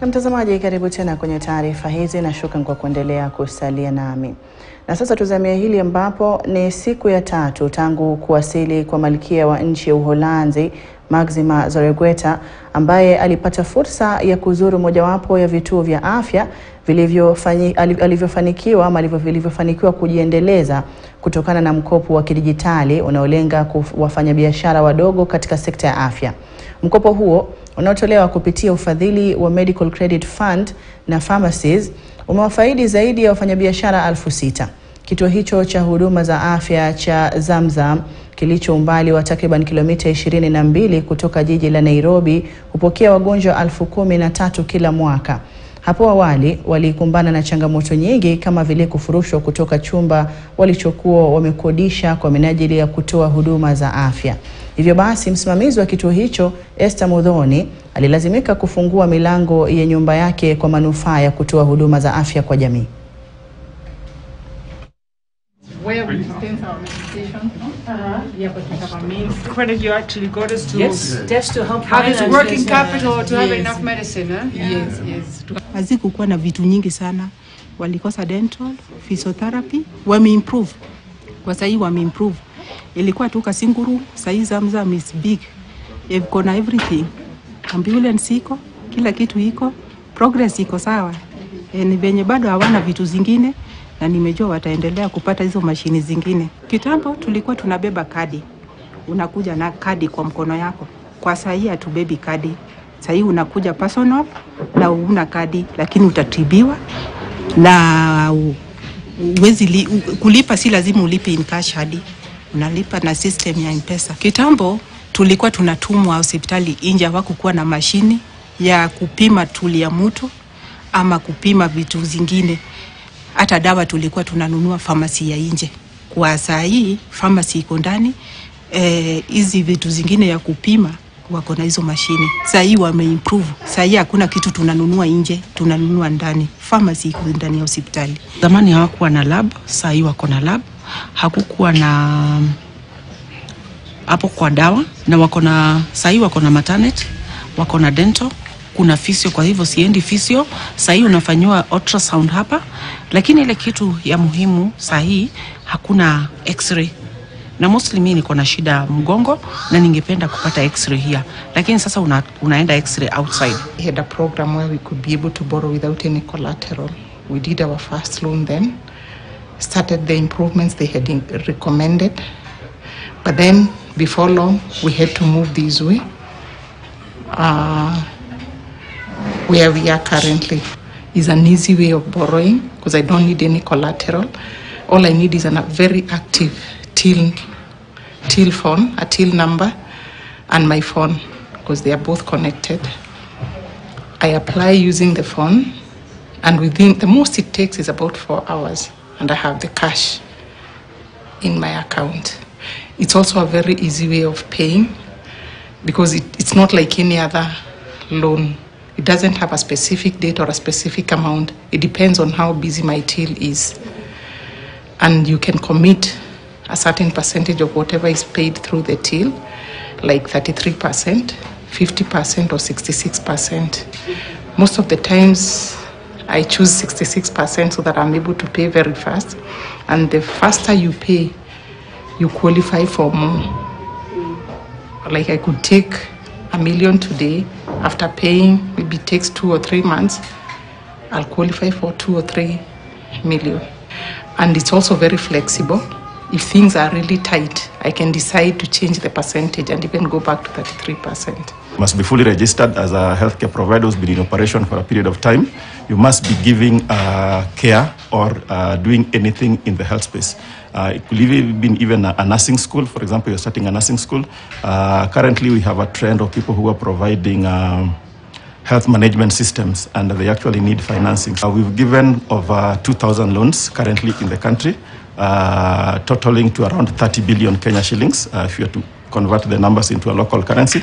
Na mtazamaji, karibu tena kwenye taarifa hizi na shukrani kwa kuendelea kusalia nami. Na sasa tuzamia hili ambapo ni siku ya tatu tangu kuwasili kwa malkia wa nchi ya Uholanzi Maxima zoregueta ambaye alipata fursa ya kuzuru mojawapo ya vituo vya afya alivyofanikiwa ama vilivyofanikiwa kujiendeleza kutokana na mkopo wa kidijitali unaolenga wafanyabiashara wadogo katika sekta ya afya. Mkopo huo unaotolewa kupitia ufadhili wa Medical Credit Fund na pharmacies umewafaidi zaidi ya wafanyabiashara elfu sita. Kituo hicho cha huduma za afya cha Zamzam kilicho umbali wa takriban kilomita 22 kutoka jiji la Nairobi hupokea wagonjwa elfu kumi na tatu kila mwaka. Hapo awali walikumbana na changamoto nyingi kama vile kufurushwa kutoka chumba walichokuwa wamekodisha kwa minajili ya kutoa huduma za afya. Hivyo basi, msimamizi wa kituo hicho Esther Mudhoni alilazimika kufungua milango ya nyumba yake kwa manufaa ya kutoa huduma za afya kwa jamii. Uh-huh. Yeah, but we have our main credit you actually got us to yes. just to help have his working uh, capital to yes. have enough medicine eh? yeah. yes, yes. Hazikukuwa na vitu nyingi sana, walikosa dental, physiotherapy, wameimprove kwa sahii, wameimprove. Ilikuwa tu kasinguru, sahii Zamzam is big, iko na everything, ambulance iko, kila kitu iko, progress iko sawa. E, ni venye bado hawana vitu zingine na nimejua wataendelea kupata hizo mashini zingine. Kitambo tulikuwa tunabeba kadi, unakuja na kadi kwa mkono yako. Kwa hii hatubebi kadi, sahii unakuja personal na una kadi, lakini utatibiwa na uwezi li, u, kulipa si lazima ulipe in cash hadi unalipa na system ya Mpesa. Kitambo tulikuwa tunatumwa hospitali nje, hawakukuwa na mashini ya kupima tuli ya mtu ama kupima vitu zingine hata dawa tulikuwa tunanunua famasi ya nje. Kwa saa hii famasi iko ndani eh, hizi e, vitu zingine ya kupima wako na hizo mashine saa hii wameimprove. Saa hii hakuna kitu tunanunua nje, tunanunua ndani. Famasi iko ndani ya hospitali. Zamani hawakuwa na lab, saa hii wako na lab. Hakukuwa na hapo kwa dawa na wako na saa hii wako na maternity, wako na dental kuna fisio, kwa hivyo siendi fisio. Saa hii unafanyiwa ultrasound hapa, lakini ile kitu ya muhimu saa hii hakuna x-ray na mostly mimi niko na shida mgongo na ningependa kupata x-ray here, lakini sasa una, unaenda x-ray outside. We had a program where we could be able to borrow without any collateral. We did our first loan then, started the improvements they had recommended, but then before long we had to move this way. Uh, where we are currently is an easy way of borrowing because I don't need any collateral. All I need is a very active till till phone, a till number, and my phone because they are both connected. I apply using the phone, and within the most it takes is about four hours, and I have the cash in my account. It's also a very easy way of paying because it, it's not like any other loan it doesn't have a specific date or a specific amount. It depends on how busy my till is. And you can commit a certain percentage of whatever is paid through the till, like 33%, 50%, or 66%. Most of the times, I choose 66% so that I'm able to pay very fast. And the faster you pay, you qualify for more. Like I could take a million today after paying, maybe takes two or three months, I'll qualify for two or three million. And it's also very flexible. If things are really tight, I can decide to change the percentage and even go back to 33% must be fully registered as a healthcare provider who's been in operation for a period of time. You must be giving uh, care or uh, doing anything in the health space. Uh, it could even be even a, nursing school. For example, you're starting a nursing school. Uh, currently, we have a trend of people who are providing um, health management systems and they actually need financing. we've given over 2,000 loans currently in the country, uh, totaling to around 30 billion Kenya shillings uh, if you were to convert the numbers into a local currency.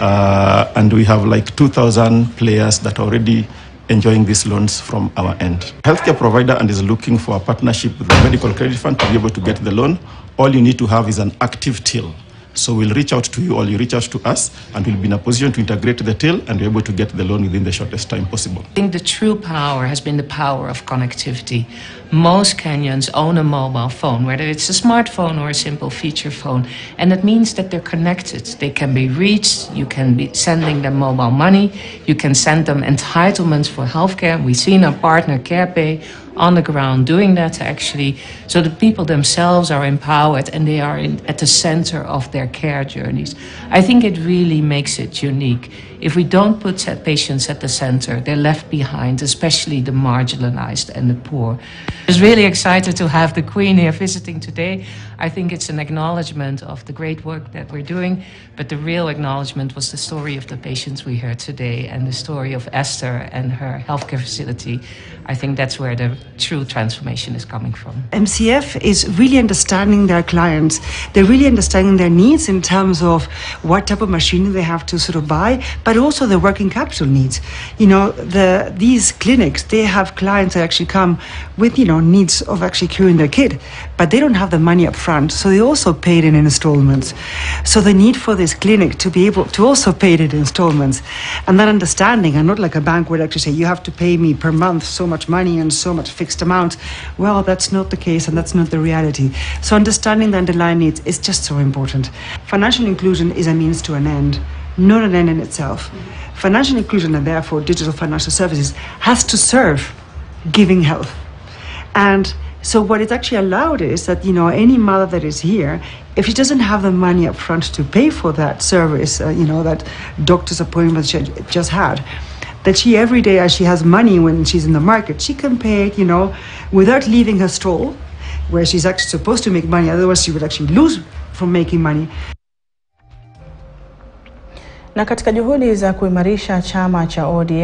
Uh, and we have like 2,000 players that are already enjoying these loans from our end. Healthcare provider and is looking for a partnership with the Medical Credit Fund to be able to get the loan. All you need to have is an active till. So we'll reach out to you or you reach out to us and we'll be in a position to integrate the tail and be able to get the loan within the shortest time possible. I think the true power has been the power of connectivity. Most Kenyans own a mobile phone, whether it's a smartphone or a simple feature phone, and that means that they're connected. They can be reached, you can be sending them mobile money, you can send them entitlements for healthcare. We've seen our partner CarePay on the ground doing that actually. So the people themselves are empowered and they are in, at the center of their care journeys. I think it really makes it unique. If we don't put patients at the center, they're left behind, especially the marginalized and the poor. I was really excited to have the Queen here visiting today. I think it's an acknowledgement of the great work that we're doing, but the real acknowledgement was the story of the patients we heard today and the story of Esther and her healthcare facility. I think that's where the true transformation is coming from. MCF is really understanding their clients. They're really understanding their needs in terms of what type of machinery they have to sort of buy, but also their working capital needs. You know, the these clinics, they have clients that actually come with, you know, needs of actually curing their kid but they don't have the money up front, so they also pay it in installments. So the need for this clinic to be able to also pay it in installments, and that understanding, and not like a bank would actually say, you have to pay me per month so much money and so much fixed amount. Well, that's not the case, and that's not the reality. So understanding the underlying needs is just so important. Financial inclusion is a means to an end not an end in itself. Financial inclusion and therefore digital financial services has to serve giving health. And so what it actually allowed is that you know any mother that is here, if she doesn't have the money up front to pay for that service, uh, you know that doctor's appointment she just had, that she every day as she has money when she's in the market, she can pay it, you know, without leaving her stall, where she's actually supposed to make money. Otherwise, she would actually lose from making money. Na katika juhudi za kuimarisha chama cha ODM